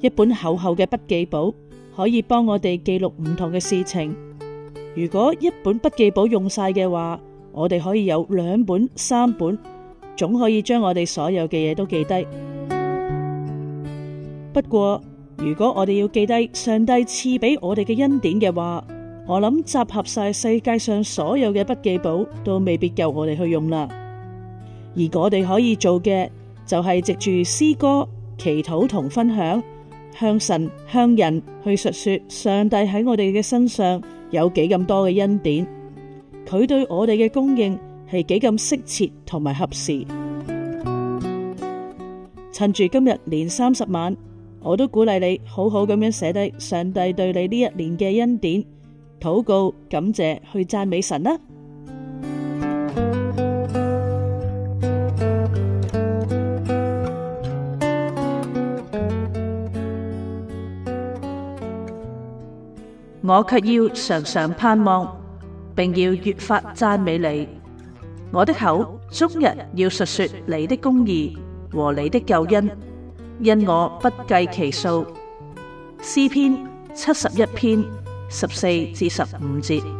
一本厚厚嘅筆記簿可以幫我哋記錄唔同嘅事情。如果一本筆記簿用晒嘅話，我哋可以有兩本、三本，總可以將我哋所有嘅嘢都記低。不過，如果我哋要記低上帝賜俾我哋嘅恩典嘅話，我諗集合晒世界上所有嘅筆記簿都未必夠我哋去用啦。而我哋可以做嘅，就係藉住詩歌、祈禱同分享。向神向人去述說，上帝喺我哋嘅身上有幾咁多嘅恩典，佢對我哋嘅供應係幾咁適切同埋合時。趁住今日年三十晚，我都鼓勵你好好咁樣寫低上帝對你呢一年嘅恩典，禱告感謝去讚美神啦。我卻要常常盼望，並要越發讚美你。我的口終日要述說你的公義和你的救恩，因我不計其數。詩篇七十一篇十四至十五節。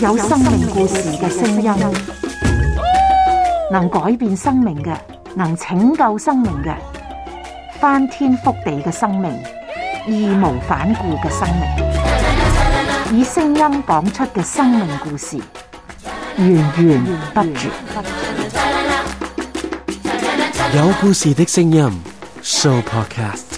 有生命故事嘅聲音，能改變生命嘅，能拯救生命嘅，翻天覆地嘅生命，義無反顧嘅生命，以聲音講出嘅生命故事，源源不絕。有故事的聲音，Sooo Podcast。